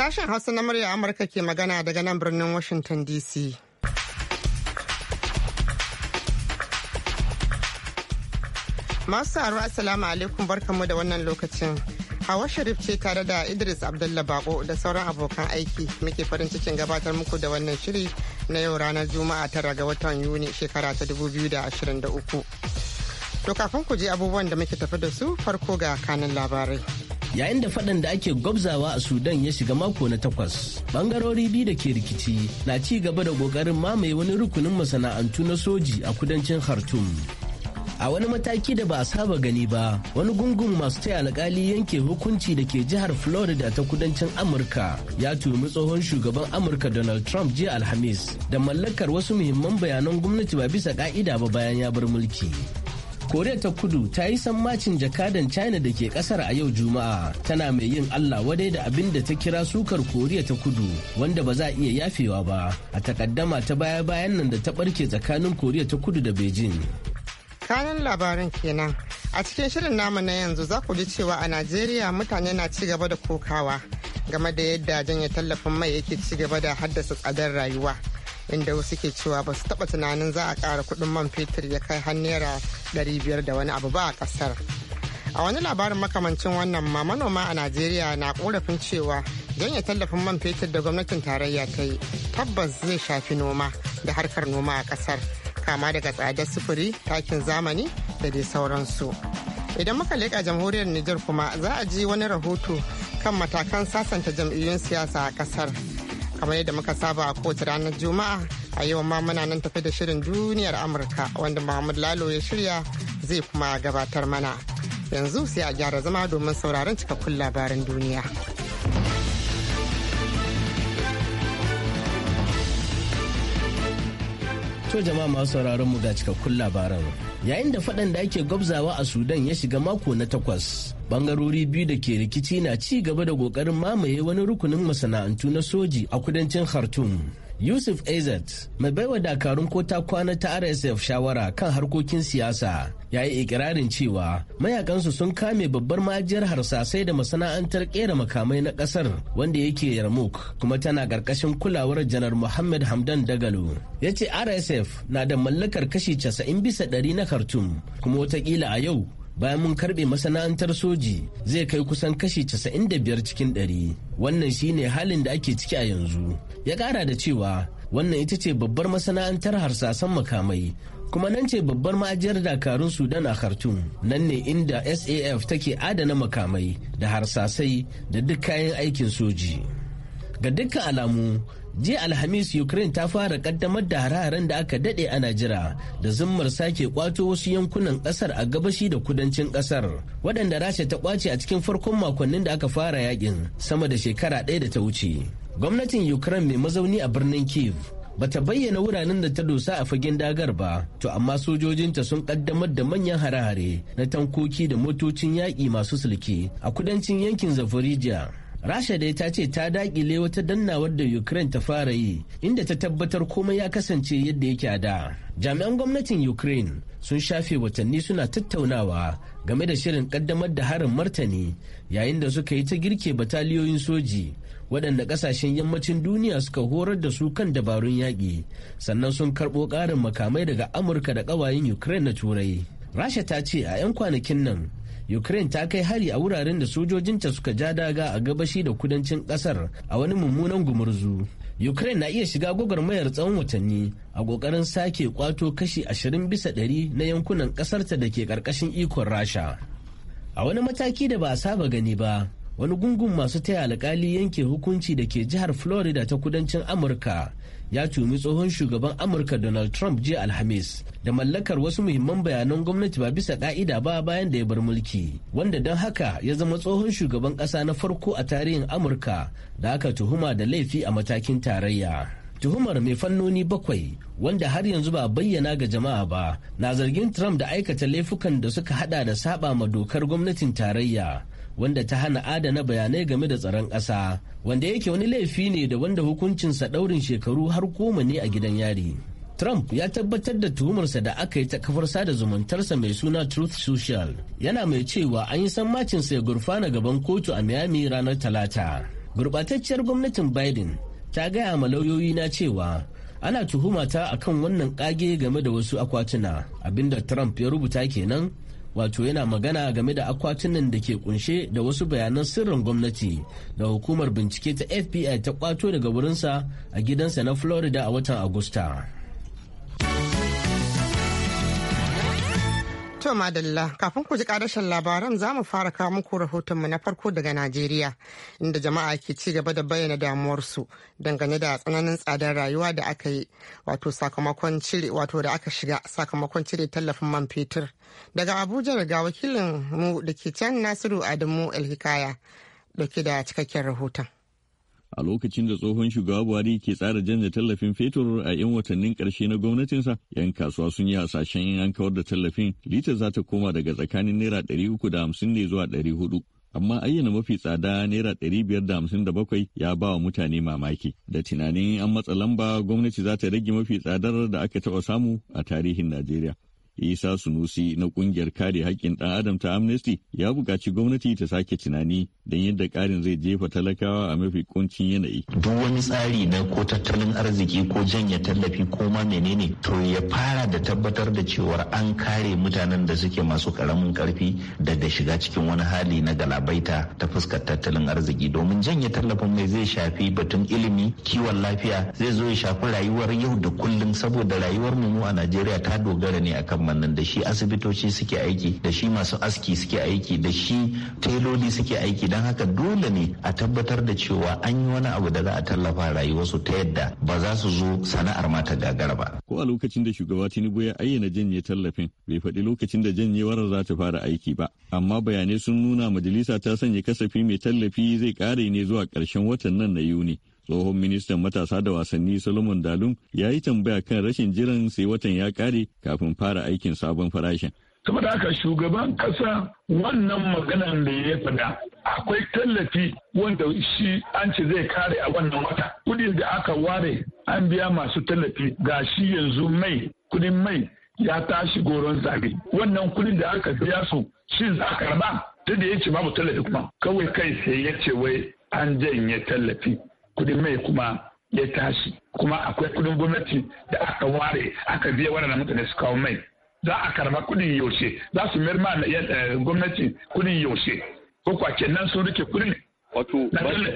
Sashen Hausa na murya Amurka ke magana daga nan birnin Washington DC. Masu taro Assalamu alaikum barkanmu da wannan lokacin. Hawa Sharif ce tare da Idris Abdullahi Bako da sauran abokan aiki muke farin cikin gabatar muku da wannan shiri na yau ranar Juma'a tara ga watan Yuni shekara ta 2023. To kafin ku je abubuwan da muke tafi da su farko ga kanin labarai. yayin da faɗan da ake gwabzawa a sudan ya shiga mako na takwas bangarori biyu da ke rikici na ci gaba da ƙoƙarin mamaye wani rukunin masana'antu na soji a kudancin khartoum a wani mataki da ba a saba gani ba wani gungun masu taya alkali yanke hukunci da ke jihar florida ta kudancin amurka ya tumi tsohon shugaban amurka donald trump jiya alhamis da mallakar wasu muhimman bayanan gwamnati ba bisa ka'ida ba bayan ya bar mulki koriya ta kudu ta yi sammacin jakadan china da ke kasar a yau juma'a tana mai yin allah wadai da abin da ta kira sukar koriya ta kudu wanda ba za a iya yafewa ba a takaddama ta baya-bayan nan da ta barke tsakanin koriya ta kudu da beijing kanan labarin kenan a cikin shirin namu na yanzu za ku ji cewa a najeriya mutane na ci gaba da kokawa game da yadda janye tallafin mai yake ci gaba da haddasa tsadar rayuwa inda wasu ke cewa ba su taba tunanin za a kara kudin man fetur ya kai har naira biyar da wani abu ba a ƙasar a wani labarin makamancin wannan ma manoma a najeriya na korafin cewa janye tallafin man fetur da gwamnatin tarayya ta yi tabbas zai shafi noma da harkar noma a ƙasar kama daga tsadar sufuri takin zamani da dai sauransu idan muka leƙa jamhuriyar nijar kuma za a ji wani rahoto kan matakan sasanta jam'iyyun siyasa a ƙasar kamar yadda muka saba a kowace ranar juma'a a yau ma muna nan tafi da shirin duniyar amurka wanda muhammad lalo ya shirya zai kuma gabatar mana yanzu sai a gyara zama domin sauraron cikakkun labarin duniya to jama'a masu sauraron mu ga cikakkun labaran yayin da faɗan da ake gwabzawa a sudan ya shiga mako na takwas bangarori biyu da ke rikici na ci gaba da ƙoƙarin mamaye wani rukunin masana'antu na soji a kudancin khartoum Yusuf Ezet mai baiwa dakarun ko ta kwana ta RSF shawara kan harkokin siyasa ya yi ikirarin cewa mayakansu sun kame babbar ma'ajiyar harsasai da masana'antar kera makamai na kasar wanda yake yarmouk kuma tana karkashin kulawar janar muhammad hamdan dagalo ya ce rsf na da mallakar kashi 90 bisa 100 na khartoum kuma watakila a yau bayan mun karbe masana'antar soji zai kai kusan kashi 95 cikin 100 wannan shine halin da ake ciki a yanzu ya kara da cewa wannan ita ce babbar masana'antar harsasan makamai kuma nan ce babbar ma'ajiyar dakarun sudan a khartoum nan ne inda saf take adana makamai da harsasai da duk kayan aikin soji ga dukkan alamu jiya alhamis ukraine ta fara kaddamar da hare da aka dade a jira da zummar sake kwato wasu yankunan kasar a gabashi da kudancin kasar waɗanda rasha ta kwace a cikin farkon makonnin da aka fara yakin sama da shekara ɗaya da ta wuce gwamnatin ukraine mai mazauni a birnin kiev bata bayyana wuraren da ta dosa a fagen dagar ba to amma sojojinta sun kaddamar da manyan hare-hare na tankoki da motocin yaƙi masu sulki a kudancin yankin Zaporijiya. rasha dai ta ce ta dakile wata dannawar da ukraine ta fara yi inda ta tabbatar komai ya kasance yadda yake a da jami'an gwamnatin ukraine sun shafe watanni suna tattaunawa game da shirin kaddamar da harin martani yayin da suka yi ta girke bataliyoyin soji waɗanda ƙasashen yammacin duniya suka horar da su kan dabarun yaƙi sannan sun karɓo ƙarin makamai daga amurka da ƙawayen ukraine na turai rasha ta ce a 'yan kwanakin nan Ukraine ta kai hari a wuraren da sojojinta suka ja daga a gabashi da kudancin kasar a wani mummunan gumurzu. Ukraine na iya shiga gwagwarmayar tsawon watanni a kokarin sake kwato kashi ashirin bisa ɗari na yankunan kasarta da ke karkashin ikon Rasha. A wani mataki da ba a saba gani ba, wani gungun masu taya alkali yanke hukunci da ke jihar Florida ta kudancin Amurka ya tumi tsohon shugaban amurka donald trump jiya alhamis da mallakar wasu muhimman bayanan gwamnati ba bisa ka'ida ba bayan da ya bar mulki wanda don haka ya zama tsohon shugaban ƙasa na farko a tarihin amurka da aka tuhuma da laifi a matakin tarayya tuhumar mai fannoni bakwai wanda har yanzu ba bayyana ga jama'a ba na zargin trump da aikata laifukan da suka hada da saba ma dokar gwamnatin tarayya wanda ta hana adana bayanai game da tsaron ƙasa wanda yake wani laifi ne da wanda hukuncinsa ɗaurin shekaru har goma ne a gidan yari. Trump ya tabbatar da tuhumarsa da aka yi ta kafar sada zumuntarsa mai suna Truth Social yana mai cewa an yi macinsa ya gurfana gaban kotu a Miami ranar Talata. Gurbatacciyar gwamnatin Biden ta gaya ma lauyoyi na cewa ana tuhumata akan wannan kage game da wasu akwatuna abinda Trump ya rubuta kenan wato yana magana game da akwatunan da ke kunshe da wasu bayanan sirrin gwamnati da hukumar bincike ta fbi ta kwato daga wurinsa a gidansa na florida a watan agusta To Madalla, kafin ku ji karashin labaran za mu fara kawo muku rahotonmu na farko daga Najeriya, inda jama'a ke ci gaba da bayyana damuwarsu dangane da tsananin tsadar rayuwa da aka yi, wato sakamakon cire wato da aka shiga sakamakon cire tallafin man fetur. Daga Abuja ga wakilin mu da can Nasiru Adamu Elhikaya dauke da cikakken rahoton. a lokacin da tsohon shugaba buhari ke tsara janye tallafin fetur a 'yan watannin karshe na gwamnatinsa yan kasuwa sun yi hasashen yin an kawar da tallafin litar za ta koma daga tsakanin naira ɗari uku da hamsin ne zuwa ɗari hudu amma ayyana mafi tsada naira ɗari biyar da hamsin da bakwai ya ba wa mutane mamaki da tunanin an matsa lamba gwamnati za ta rage mafi tsadar da aka taɓa samu a tarihin najeriya Isa Sunusi na kungiyar kare haƙƙin ɗan Adam ta Amnesty ya buƙaci gwamnati ta sake tunani don yadda ƙarin zai jefa talakawa a mafi kuncin yanayi. Duk wani tsari na ko tattalin arziki ko janya tallafi ko ma menene to ya fara da tabbatar da cewa an kare mutanen da suke masu ƙaramin ƙarfi daga shiga cikin wani hali na galabaita ta fuskar tattalin arziki domin janya tallafin mai zai shafi batun ilimi kiwon lafiya zai zo ya shafi rayuwar yau da kullum saboda rayuwar mu a Najeriya ta dogara ne akan malaman nan da shi asibitoci suke aiki da shi masu aski suke aiki da shi teloli suke aiki don haka dole ne a tabbatar da cewa an yi wani abu da za a tallafa rayuwarsu ta yadda ba za su zo sana'ar ma ta gagara ba. Ko a lokacin da shugaba Tinubu ya ayyana janye tallafin bai faɗi lokacin da janyewar za ta fara aiki ba. Amma bayanai sun nuna majalisa ta sanya kasafi mai tallafi zai ƙare ne zuwa ƙarshen watan nan na Yuni. tsohon ministan matasa da wasanni solomon dalum ya yi tambaya kan rashin jiran sai watan ya kare kafin fara aikin sabon farashin saboda haka shugaban kasa wannan maganan da ya faɗa akwai tallafi wanda shi an ce zai kare a wannan wata kudin da aka ware an biya masu tallafi ga shi yanzu mai kudin mai ya tashi goron zabe wannan kudin da aka biya su shi za a karba ta da ya ce babu tallafi kuma kawai kai sai ya ce wai an janye tallafi kudin mai kuma ya tashi kuma akwai kudin gwamnati da aka ware aka biya waɗannan mutane su kawo mai za a karba kudin yaushe za su mayar ma eh, gwamnati kudin yaushe ko kwa kenan sun rike kudin Wato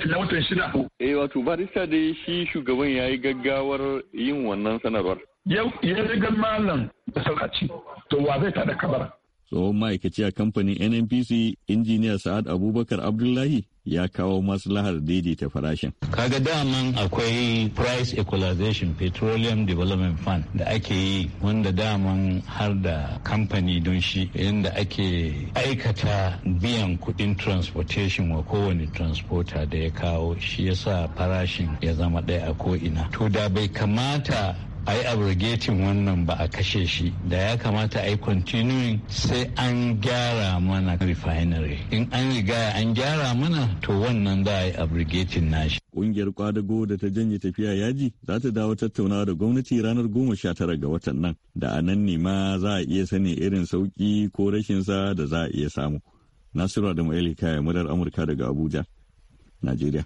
na watan shida. Eh wato barista dai shi shugaban ya yi gaggawar yin wannan sanarwar. Yau ya rigar malam da sauƙaci to wa zai tada kabara. tsohon ma'aikaci a kamfanin nnpc injiniya sa'ad abubakar abdullahi ya kawo maslahar daidaita farashin. Kaga daman akwai price equalization petroleum development fund da ake yi wanda daman har da kamfani don shi yadda ake aikata biyan kudin transportation wa kowane transporter da ya kawo shi yasa farashin ya zama ɗaya a ko'ina. To da bai kamata a yi abrogating wannan ba a kashe shi da ya kamata a yi continuing sai an gyara mana refinery in an riga an gyara mana to wannan za a yi abrogating nashi kungiyar kwadago da ta janye tafiya yaji za ta dawo tattaunawa da gwamnati ranar goma sha tara ga watan nan da a nan ne ma za a iya sani irin sauki ko rashin sa da za a iya samu nasiru da ma'ilika murar amurka daga abuja najeriya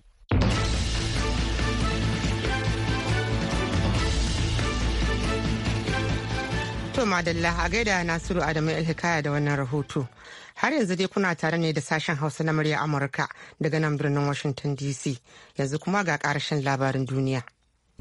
To madalla a gaida Nasiru Adamu Alhikaya da wannan rahoto. Har yanzu dai kuna tare ne da sashen Hausa na murya Amurka daga nan birnin Washington DC. Yanzu kuma ga ƙarshen labarin duniya.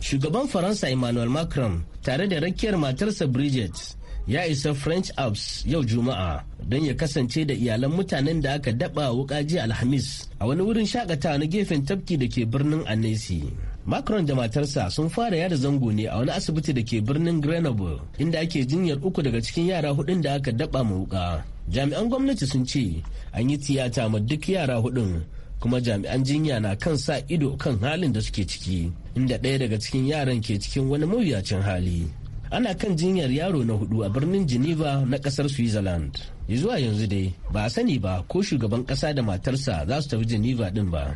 Shugaban Faransa Emmanuel Macron tare da rakiyar matarsa Bridget ya isa French Alps yau Juma'a don ya kasance da iyalan mutanen da aka daba wuka jiya Alhamis a wani wurin shakatawa na gefen tafki da ke birnin Annecy. Macron da matarsa sun fara yada zango ne a wani asibiti da ke birnin Grenoble inda ake jinyar uku daga cikin yara hudun da aka daba ma wuka. Jami'an gwamnati sun ce an yi tiyata ma duk yara hudun kuma jami'an jinya na kan sa ido kan halin da suke ciki inda ɗaya daga cikin yaran ke cikin wani mawuyacin hali. Ana kan jinyar yaro na hudu a birnin Geneva na kasar Switzerland. Zuwa yanzu dai ba a sani ba ko shugaban kasa da matarsa za su tafi Geneva din ba.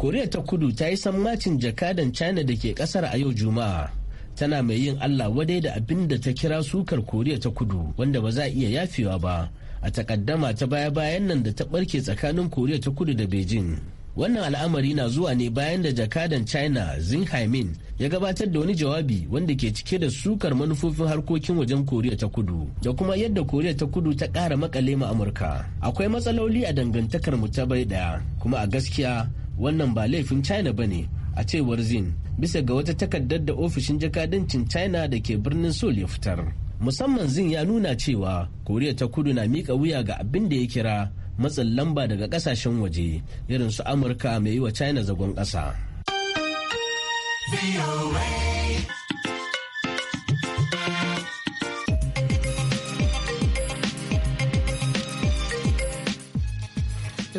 koriya ta kudu ta yi sammacin jakadan china da ke kasar a yau juma'a tana mai yin allah wadai da abin da ta kira sukar koriya ta kudu wanda ba za iya yafewa ba a takaddama ta baya-bayan nan da ta barke tsakanin koriya ta kudu da beijing wannan al'amari na zuwa ne bayan da jakadan china zin haimin ya gabatar da wani jawabi wanda ke cike da sukar manufofin harkokin wajen koriya ta kudu da kuma yadda koriya ta kudu ta ƙara makale ma amurka akwai matsaloli a dangantakar mu ta bai daya kuma a gaskiya wannan ba laifin china ba ne a cewar zin bisa ga wata takardar da ofishin jakadancin china da ke birnin seoul ya fitar musamman zin ya nuna cewa koriya ta kudu na miƙa wuya ga abin da ya kira matsin lamba daga kasashen waje irin su amurka mai yi wa china zagon ƙasa.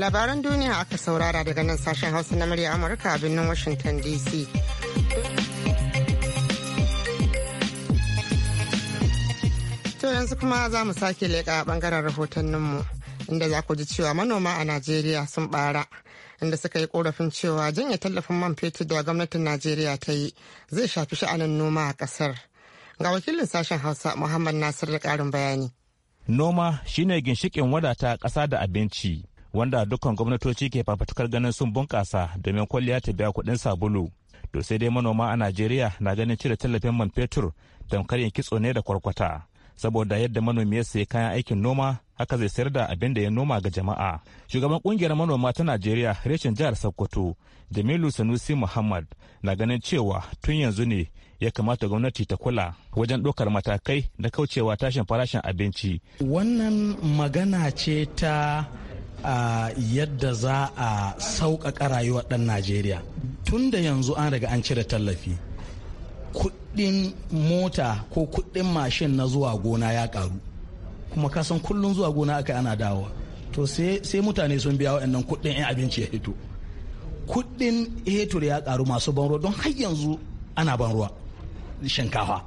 labaran duniya aka saurara daga nan sashen hausa na murya amurka a birnin washington dc to yanzu kuma za mu sake leƙa bangaren rahotanninmu inda za ku ji cewa manoma a najeriya sun bara inda suka yi korafin cewa janye tallafin man fetur da gwamnatin najeriya ta yi zai shafi sha'anin noma a ƙasar ga wakilin sashen hausa muhammad nasir da ƙarin bayani noma shine ginshikin wadata ƙasa da abinci wanda dukkan gwamnatoci ke fafatukar ganin sun bunkasa domin kwalliya ta biya kuɗin sabulu to sai dai manoma a najeriya na ganin cire tallafin man fetur tamkar yin kitso ne da kwarkwata saboda yadda manomi ya sayi kayan aikin noma haka zai sayar da abin da ya noma ga jama'a shugaban kungiyar manoma ta najeriya reshen jihar sokoto jamilu sanusi muhammad na ganin cewa tun yanzu ne ya kamata gwamnati ta kula wajen ɗaukar matakai da kaucewa tashin farashin abinci wannan magana ce ta a yadda za a sauƙaƙa rayuwar ɗan najeriya tun da yanzu an riga an cire tallafi kuɗin mota ko kuɗin mashin na zuwa gona ya ƙaru kuma kasan kullum zuwa gona aka ana dawowa to sai mutane sun biya waɗannan kuɗin 'yan abinci ya hito kuɗin hetur ya ƙaru masu ban ruwa don har yanzu ana ban ruwa shinkafa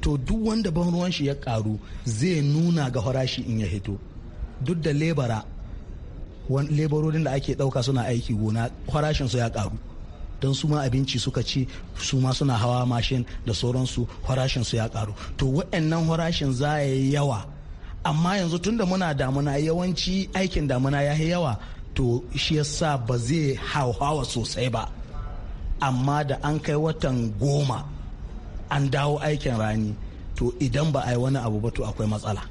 to duk wanda ban ruwan shi ya ƙaru zai nuna ga farashi in ya hito duk da lebara leburorin da ake ɗauka suna aiki gona farashinsu ya karu don su ma abinci suka ci su ma suna hawa mashin da sauransu farashinsu ya karu to waɗannan farashin za ya yi yawa amma yanzu tunda muna damuna yawanci aikin damuna ya yi yawa to shi yasa ba zai hauhawa sosai ba amma da an kai watan goma an dawo aikin rani to idan ba a yi wani abu ba to akwai matsala.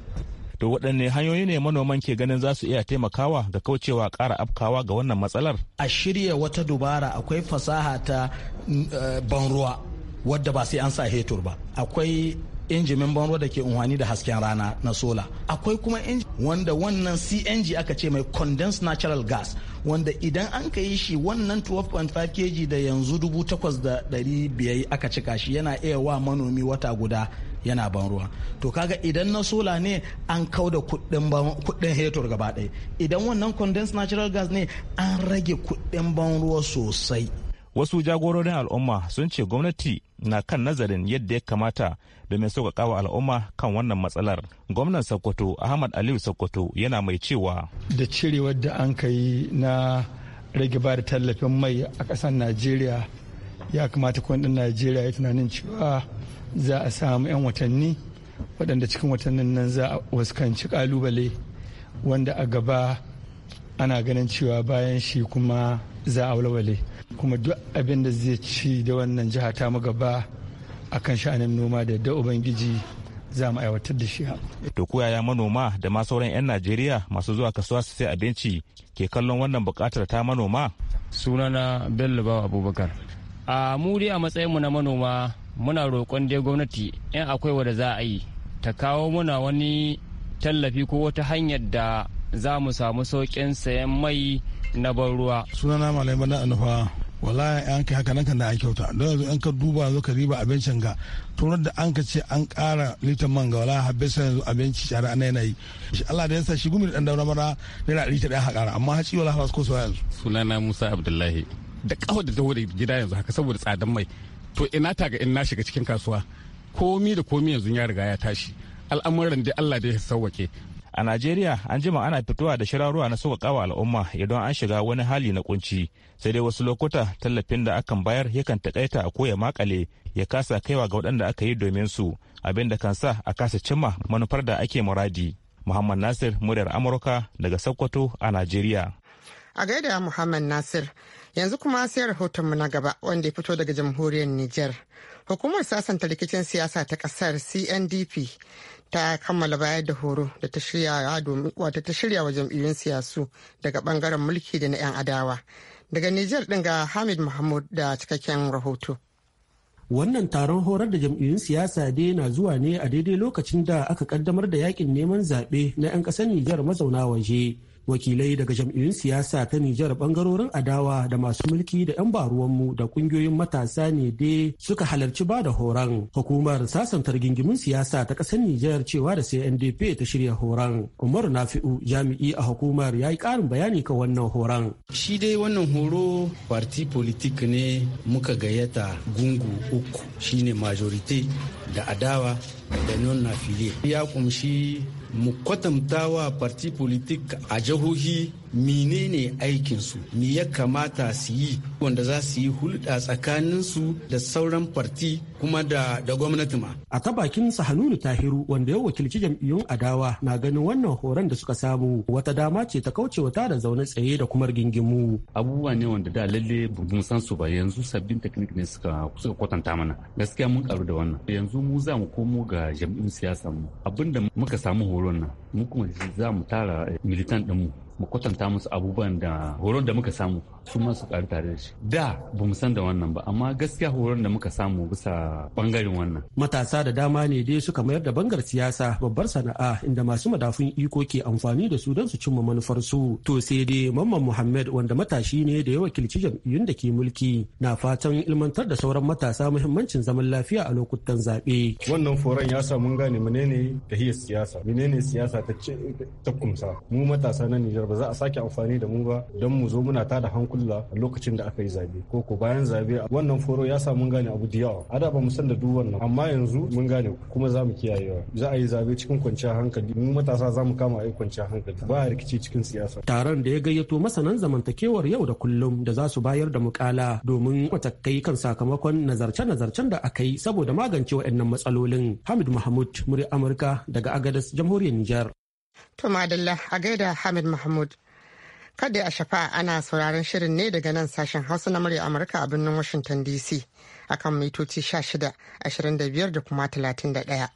to waɗanne hanyoyi ne manoman ke ganin za su iya taimakawa ga kaucewa ƙara afkawa ga wannan matsalar a shirya wata dubara akwai fasaha ta eh, ban ruwa wadda ba sai an sa hetur ba akwai injimin ban ruwa da ke unhwani da hasken rana na sola akwai kuma inji wanda wannan cng aka ce mai condensed natural gas wanda idan an ka yi shi wannan 12.5 kg da yanzu 8,500 aka cika shi yana iya wa manomi wata guda yana ban ruwa to kaga idan na sola ne an kau da kudin hetor gaba ɗaya idan wannan condensed natural gas ne an rage kudin ban ruwa sosai wasu jagororin al'umma sun ce gwamnati na kan nazarin yadda ya kamata domin sauƙaƙa kawo al'umma kan wannan matsalar gwamnan sokoto ahmad aliyu sokoto yana mai cewa da cirewar da an kai na rage ba da tallafin mai a ƙasar najeriya ya kamata kundin najeriya ya tunanin cewa za a samu 'yan watanni waɗanda cikin watannin nan za a wasu ƙalubale wanda a gaba ana ganin cewa bayan shi kuma za a walwale kuma duk abin da zai ci da wannan jiha ta mu gaba kan sha'anin noma da da ubangiji za mu aiwatar da shi to ko yaya manoma da ma sauran 'yan najeriya masu zuwa kasuwa su sai abinci ke kallon wannan bukatar ta manoma sunana bello bawa abubakar a mu dai a mu na manoma muna roƙon dai gwamnati in akwai wanda za a yi ta kawo muna wani tallafi ko wata hanyar da za mu samu sauƙin sayan mai na ban ruwa sunana malamai na anufa wallahi an kai haka nan kan da an kyauta don yanzu an ka duba zo ka riba abincin ga tunar da an ka ce an kara litan man ga wallahi sai yanzu abinci shara ana yana yi shi Allah da yasa shi gumi da dan daura mara naira litan ɗaya haƙara amma haci wallahi ba su yanzu sunana Musa Abdullahi da kawo da dawo da gida yanzu haka saboda tsadan mai to ina ta ga in na shiga cikin kasuwa komi da komi yanzu ya riga ya tashi al'amuran da Allah da ya sauwake A Najeriya an jima ana fitowa da shirarruwa na sauƙaƙawa al'umma idan an shiga wani hali na kunci sai dai wasu lokuta tallafin da akan bayar yakan takaita ko ya makale ya kasa kaiwa ga waɗanda aka yi domin su abin da kan sa a kasa cimma manufar da ake muradi. Muhammad Nasir muryar Amurka daga Sokoto a Najeriya. a gaida Muhammad Nasir. Yanzu kuma sai rahotonmu na gaba wanda ya fito daga jamhuriyar Nijar. Hukumar sasanta rikicin siyasa ta kasar CNDP ta kammala bayar da horo da ta shirya wa jam'iyyun siyasu daga bangaren mulki da na 'yan adawa. Daga Nijar din ga Hamid Mahmud da cikakken rahoto. wannan taron horar da jam'iyyun siyasa dai na zuwa ne a daidai lokacin da aka kaddamar da yakin neman zaɓe na 'yan ƙasar Nijar mazauna waje wakilai daga jam'iyyun siyasa ta Nijar bangarorin adawa da masu mulki da 'yan baruwanmu da kungiyoyin matasa ne dai suka halarci ba da horon. Hukumar sasantar gingimin siyasa ta ƙasar Nijar cewa da sai NDP ta shirya horon. Umar Nafi'u jami'i a hukumar ya yi ƙarin bayani ka wannan horon. Shi dai wannan horo parti politik ne muka gayyata gungu uku shine majorite da adawa da non nafile ya kumshi mu kwatanta wa parti politik a jihohi menene aikinsu me ya kamata su yi wanda za su yi hulɗa tsakaninsu da sauran farti kuma da, gwamnati ma. A ta bakin Sahanunu Tahiru wanda ya wakilci jam'iyyun adawa na ganin wannan horon da suka samu wata dama ce ta kauce wa da zaune tsaye da kuma gingimu. Abubuwa ne wanda da lalle mun san su ba yanzu sabbin teknik ne suka suka kwatanta mana. Gaskiya mun karu da wannan. Yanzu mu za mu komo ga jam'iyyun siyasa mu. Abinda muka samu horon nan mu kuma za mu tara militan ɗinmu mu kwatanta musu abubuwan da horon da muka samu su masu tare da shi da ba mu san da wannan ba amma gaskiya horon da muka samu bisa bangaren wannan matasa da dama ne dai suka mayar da bangar siyasa babbar sana'a inda masu madafun iko ke amfani da su don su cimma manufar su to sai dai mamman muhammad wanda matashi ne da ya wakilci jam'iyyun da ke mulki na fatan ilmantar da sauran matasa muhimmancin zaman lafiya a lokutan zaɓe wannan foron ya sa mun gane menene tahiyar siyasa menene siyasa ta kumsa mu matasa na Nijar ba za a sake amfani da mu ba don mu zo muna tada hankula kulla lokacin da aka yi zabe ko ko bayan zabe wannan foro ya sa mun gane abu da yawa a da ba mu san da duk wannan amma yanzu mun gane kuma za mu kiyayewa za a yi zabe cikin kwanciyar hankali mu matasa za mu kama ai kwanciyar hankali ba rikici cikin siyasa taron da ya gayyato masanan zamantakewar yau da kullum da za su bayar da mukala domin kwatakai kan sakamakon nazarce-nazarcen da aka yi saboda magance waɗannan matsalolin hamid mahmud murya amurka daga agadas jamhuriyar nijar to madalla a gaida hamid mahmud Kada a shafa ana sauraron shirin ne daga nan sashen Hausa na murya Amurka a birnin Washington DC akan mitoci 16, 25 da kuma 31.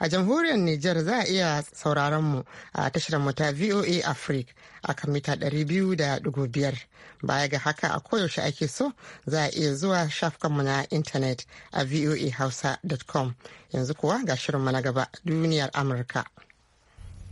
a jamhuriyar Niger za a iya sauraron mu a tashar mu ta VOA Africa a kan mita 200.5 baya ga haka a koyaushe ake so za a iya zuwa shafukanmu na intanet a voahausa.com yanzu kuwa ga shirin mu na gaba duniyar Amurka.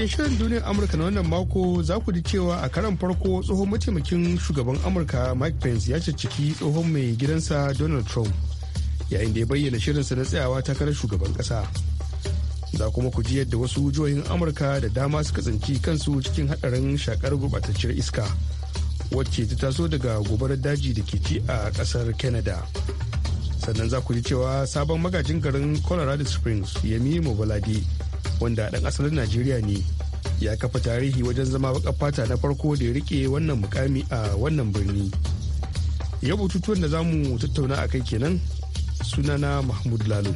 cikin shirin duniyar amurka na wannan mako za ku ji cewa a karan farko tsohon mataimakin shugaban amurka mike pence ya cicciki tsohon mai gidansa donald trump yayin da ya bayyana shirinsa na tsayawa takarar shugaban kasa za kuma ku ji yadda wasu jihohin amurka da dama suka tsinci kansu cikin hadarin shakar gurbatacciyar iska wacce ta taso daga gobarar daji da ke ci a kasar canada sannan za ku ji cewa sabon magajin garin colorado springs yami mobaladi wanda ɗan asalin najeriya ne ya kafa tarihi wajen zama baƙar fata na farko da ya rike wannan mukami a wannan birni yau bututuwan da zamu mu tattauna a kai kenan sunana mahmud lalo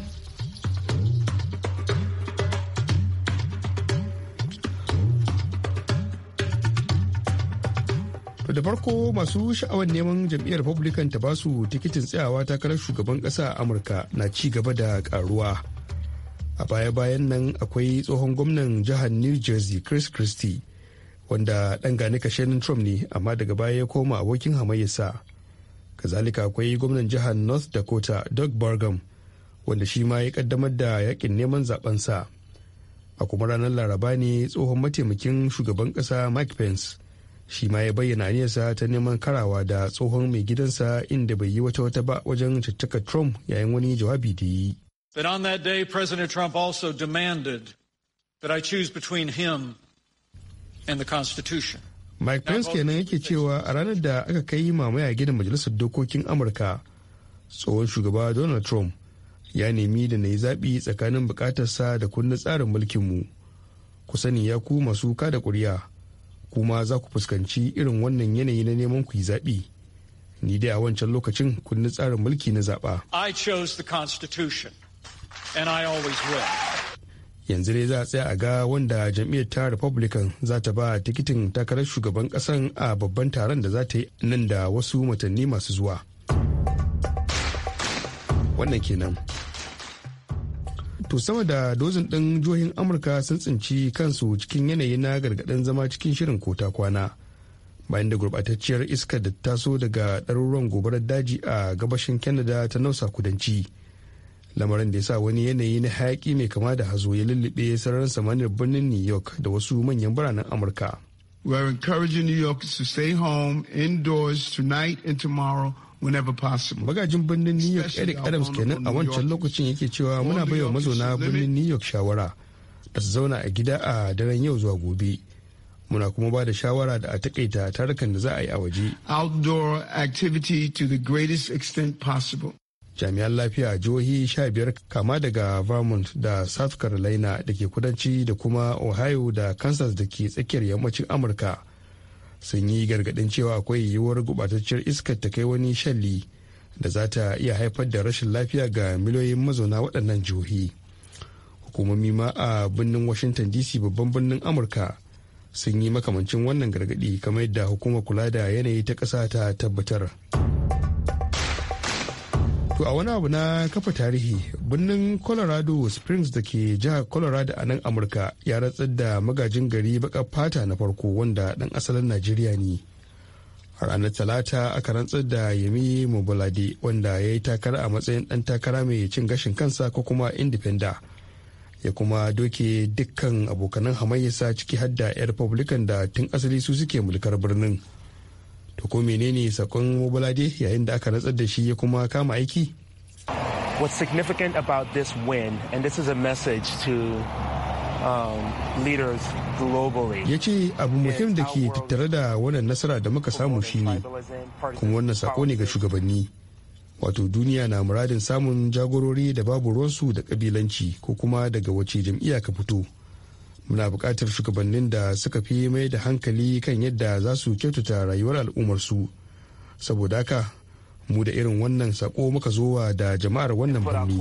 da farko masu sha'awar neman jam'iyyar republican ta basu tikitin tsayawa takarar shugaban kasa a amurka na ci gaba da karuwa a baya-bayan nan akwai tsohon gwamnan jihar new jersey chris christie wanda ɗan gane kashenin trump ne amma daga baya ya koma abokin hamayyarsa kazalika akwai gwamnan jihar north dakota doug burgum wanda shi ma ya kaddamar da yakin neman zabensa a kuma ranar laraba ne tsohon mataimakin shugaban kasa mike pence shi ma ya bayyana aniyarsa ta neman karawa da tsohon mai gidansa inda bai yi wata wata ba wajen caccaka trump yayin wani jawabi da yi that on that day, President Trump also demanded that I choose between him and the Constitution. Mike Pence kenan yake cewa a ranar da aka kai mamaya gidan majalisar dokokin Amurka tsohon shugaba Donald Trump ya nemi da na yi zaɓi tsakanin bukatarsa da kundin tsarin mulkinmu. Ku sani ya ku masu kada ƙuri'a kuma za ku fuskanci irin wannan yanayi na neman ku yi zaɓi. Ni dai a wancan lokacin kundin tsarin mulki na zaɓa. I chose the Constitution. and I always will. Yanzu dai za a tsaya a ga wanda jam'iyyar ta Republican za ta ba tikitin takarar shugaban kasan a babban taron da za ta yi nan da wasu watanni masu zuwa. Wannan kenan. To sama da dozin ɗin jihohin Amurka sun tsinci kansu cikin yanayi na gargaɗin zama cikin shirin kota kwana. bayan da gurɓatacciyar iskar da taso daga ɗaruruwan gobarar daji a gabashin canada ta nausa kudanci lamarin da ya sa wani yanayi na hayaki mai kama da hazo ya lullube sararin samaniyar birnin new york da wasu manyan biranen amurka We're encouraging New york to stay home indoors tonight and tomorrow whenever Magajin birnin New York Eric Adams kenan a wancan lokacin yake cewa muna baiwa mazauna birnin New York shawara da su zauna a gida a daren yau zuwa gobe. Muna kuma ba da shawara da a takaita tarukan da za a yi a waje. Outdoor activity to the greatest extent possible. jami'an lafiya jihohi sha biyar kama daga vermont da south carolina da ke kudanci da kuma ohio da kansas da ke tsakiyar yammacin amurka sun yi gargadin cewa akwai yiwuwar gubatacciyar iskar ta kai wani shalli da za ta iya haifar da rashin lafiya ga miliyoyin mazauna waɗannan jihohi hukumomi ma a birnin washington dc babban birnin amurka sun yi makamancin wannan gargadi kamar yadda hukumar kula da yanayi ta ƙasa ta tabbatar. To a wani abu na kafa tarihi birnin Colorado Springs da ke jihar Colorado a nan Amurka ya ratsar da magajin gari baka fata na farko wanda dan asalin Najeriya ne. A ranar Talata aka rantsar da Yemi Mobolade wanda ya yi takara a matsayin dan takara mai cin gashin kansa ko kuma indifenda. Ya kuma doke dukkan abokanan hamayyarsa ciki har da 'yan Republican da tun asali su suke mulkar birnin. to ko menene sakon mobalade yayin da aka ratsar da shi ya kuma kama aiki what's significant about this win and this is a message to um, ya ce abu muhim da ke tattare da wannan nasara da muka samu shine kuma wannan sako ne ga shugabanni wato duniya na muradin samun jagorori da babu ruwansu da kabilanci ko kuma daga wace jam'iyya ka fito muna buƙatar shugabannin da suka fi mai da hankali kan yadda za su kyautata rayuwar al'ummarsu saboda haka mu da irin wannan sako muka zo wa da jama'ar wannan birni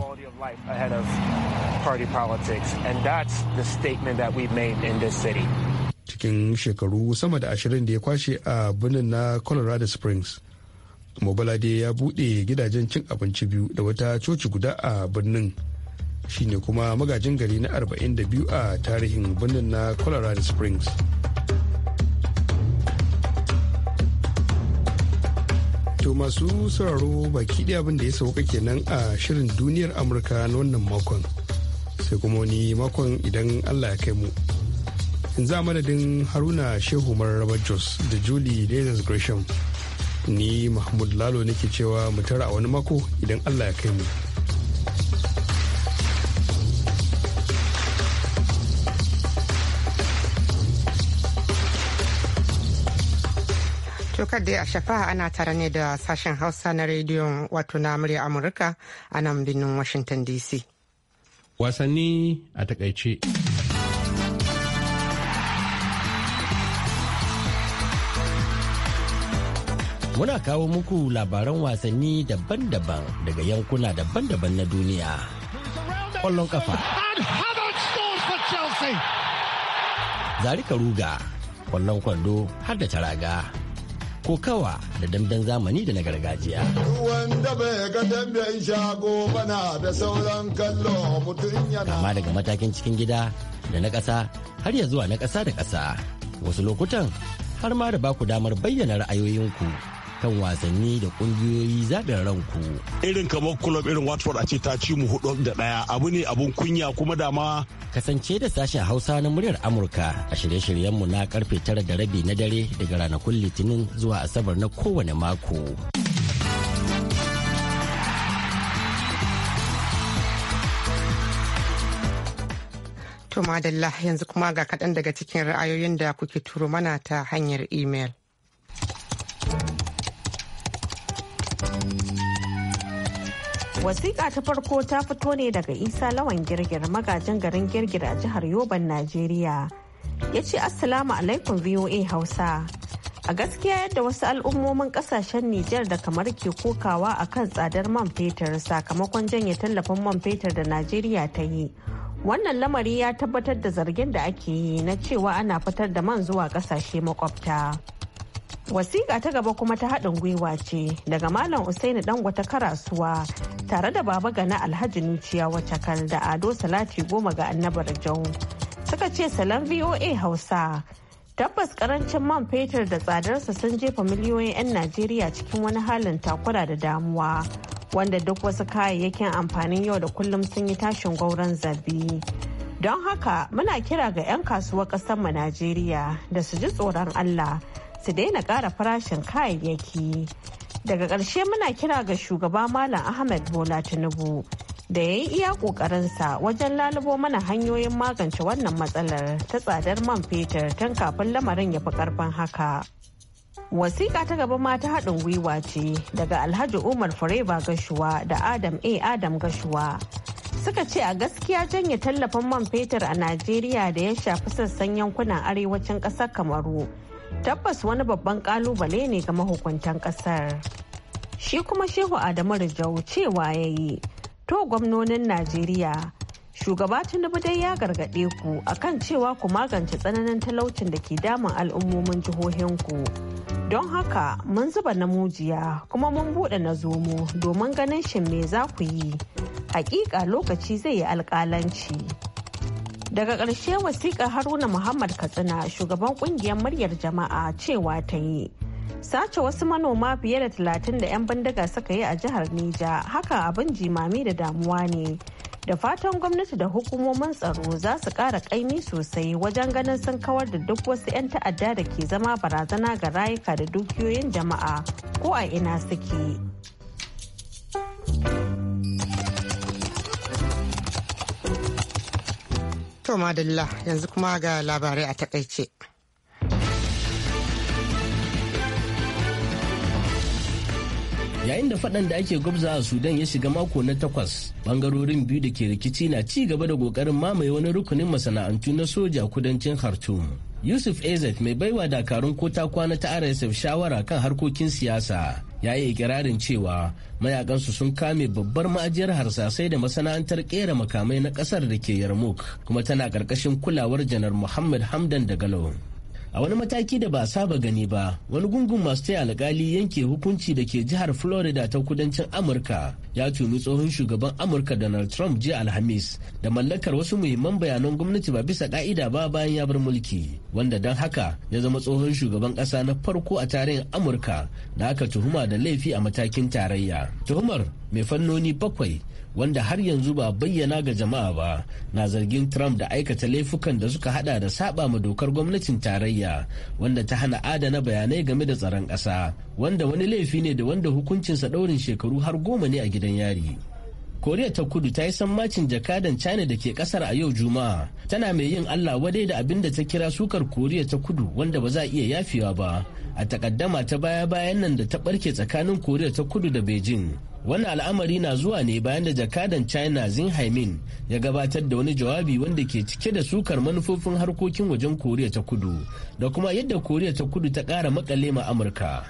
cikin shekaru sama da ashirin da ya kwashe a birnin na colorado springs mobalade ya buɗe gidajen cin abinci biyu da wata coci guda a birnin shine kuma magajin gari na 42 a tarihin birnin na colorado springs to masu sauraro baki ɗaya abin da ya sauka kenan a shirin duniyar amurka na wannan makon sai kuma wani makon idan allah ya kai mu in za madadin haruna shehu mararraba jos da julie lezers gresham ni mahmud lalo nake cewa mu tara a wani mako idan allah ya kai mu To dai a shafa ana tare ne da sashen Hausa na rediyon wato na murya Amurka a nan birnin Washington DC. Wasanni a takaice. Muna kawo muku labaran wasanni daban-daban daga yankuna daban-daban na duniya. Kwallon kafa. Zarika ruga, kwallon kwando har da taraga. kokawa da damben zamani da na gargajiya. Wanda bai ga damben shago bana da sauran kallo mutum yana. Kama daga matakin cikin gida da na ƙasa har ya zuwa na ƙasa da ƙasa. Wasu lokutan har ma da ba ku damar bayyana ra'ayoyinku. kan wasanni da kungiyoyi zaɓin ranku. Irin kamar kulob irin Watford a ce ta ci mu hudu da ɗaya abu ne abun kunya kuma dama. Kasance da sashen Hausa na muryar Amurka a shirye-shiryenmu na karfe tara da rabi na dare daga ranakun Litinin zuwa Asabar na kowane mako. To madalla yanzu kuma ga kaɗan daga cikin ra'ayoyin da kuke turo mana ta hanyar imel. Wasiƙa ta farko ta fito ne daga Isa Lawan Girgir magajin garin Girgir a jihar Yoban, Najeriya. Ya ce Assalamu alaikum VOA Hausa. A gaskiya yadda wasu al'ummomin kasashen Nijar da kamar ke kokawa a kan tsadar man fetur sakamakon janye tallafin man fetur da Najeriya ta yi. Wannan lamari ya tabbatar da zargin da ake yi na cewa ana fitar da man zuwa kasashe makwabta. wasiƙa ta gaba kuma ta haɗin gwiwa ce daga malam usaini dangwata karasuwa tare da baba gana alhaji nuciya kan da ado salati goma ga annabar jau suka ce salon voa hausa tabbas karancin man fetur da tsadarsa sun jefa miliyoyin 'yan najeriya cikin wani halin takura da damuwa wanda duk wasu kayayyakin amfanin yau da kullum sun yi tashin gauran zabi don haka muna kira ga 'yan kasuwar mu najeriya da su ji tsoron allah su daina ƙara farashin kayayyaki daga ƙarshe muna kira ga shugaba malam ahmed bola tinubu da ya yi iya ƙoƙarinsa wajen lalubo mana hanyoyin magance wannan matsalar ta tsadar man fetur tun kafin lamarin ya fi ƙarfin haka wasiƙa ta gaba mata haɗin gwiwa ce daga alhaji umar fureba gashuwa da adam a adam gashuwa suka ce a gaskiya janye tallafin man fetur a najeriya da ya shafi sassan yankunan arewacin ƙasar kamaru tabbas wani babban kalubale ne ga mahukuntan kasar shi kuma shehu adamu rijau cewa ya yi to gwamnonin najeriya shugaba tinubu dai ya gargaɗe ku akan cewa ku magance tsananin talaucin da ke damun al'ummomin jihohinku don haka mun zuba na mujiya kuma mun buɗe na zomo domin ganin shin me za ku yi hakika lokaci zai yi alkalanci. daga ƙarshe wasiƙar haruna muhammad katsina shugaban ƙungiyar muryar jama'a cewa ta yi sace wasu manoma fiye da talatin da 'yan bindiga suka yi a jihar Nija haka abin jimami da damuwa ne. Da fatan gwamnati da hukumomin tsaro za su ƙara ƙaimi sosai wajen ganin sun kawar da duk wasu 'yan ta'adda da ke zama barazana ga rayuka da dukiyoyin jama'a ko a ina suke. To madalla yanzu kuma ga labarai a takaice. yayin da faɗan da ake gwabza a sudan ya shiga mako na takwas bangarorin biyu da ke rikici na ci gaba da ƙoƙarin mamaye wani rukunin masana'antu na soja kudancin khartoum yusuf ezet mai baiwa dakarun ko ta kwana ta rsf shawara kan harkokin siyasa ya yi ikirarin cewa mayakansu sun kame babbar ma'ajiyar harsasai da masana'antar kera makamai na kasar da ke yarmouk kuma tana karkashin kulawar janar muhammad hamdan da galo a wani mataki da ba saba gani ba wani gungun masu taya alkali yanke hukunci da ke jihar florida ta kudancin amurka ya tumi tsohon shugaban amurka donald trump jiya alhamis da mallakar wasu muhimman bayanan gwamnati ba bisa ka'ida ba bayan ya bar mulki wanda don haka ya zama tsohon shugaban kasa na farko a tarihin amurka da aka tuhuma da laifi a matakin tarayya tuhumar mai fannoni bakwai wanda har yanzu ba bayyana ga jama'a ba na zargin trump da aikata laifukan da suka hada da saba ma dokar gwamnatin tarayya wanda ta hana adana bayanai game da tsaron ƙasa wanda wani laifi ne da wanda hukuncinsa ɗaurin shekaru har goma ne a gidan yari koriya ta kudu ta yi sammacin jakadan china da ke kasar a yau juma'a tana mai yin allah wadai da abin da ta kira sukar koriya ta kudu wanda ba za a iya yafewa ba a takaddama ta baya bayan nan da ta barke tsakanin koriya ta kudu da beijing wannan al'amari na zuwa ne bayan da jakadan china zin haimin ya gabatar da wani jawabi wanda ke cike da sukar manufofin harkokin wajen koriya ta kudu da kuma yadda koriya ta kudu ta kara makale ma amurka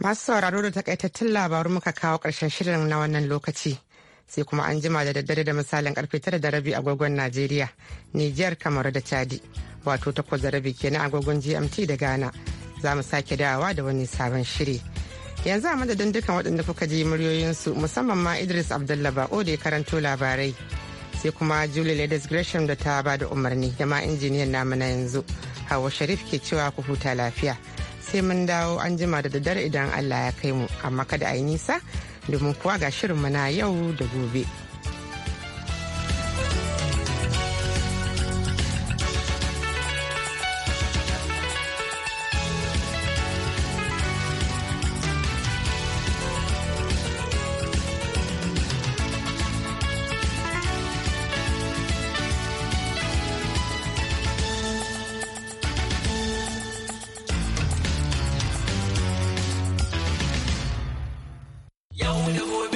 masu sauraro da takaitattun labaru muka kawo karshen shirin na wannan lokaci sai kuma an jima da daddare da misalin karfe tara da rabi agogon najeriya nijiyar kamaru da chadi wato takwas da rabi kenan agogon gmt da ghana za mu sake dawowa da wani sabon shiri yanzu a madadin dukkan waɗanda kuka ji muryoyinsu musamman ma idris abdullaba o da ya karanto labarai sai kuma julie ladies gresham da ta ba da umarni da ma injiniyan namu na yanzu hawa sharif ke cewa ku huta lafiya sai mun dawo an jima da daddare idan allah ya kai mu amma kada a yi nisa domin kuwa ga shirinmu na yau da gobe.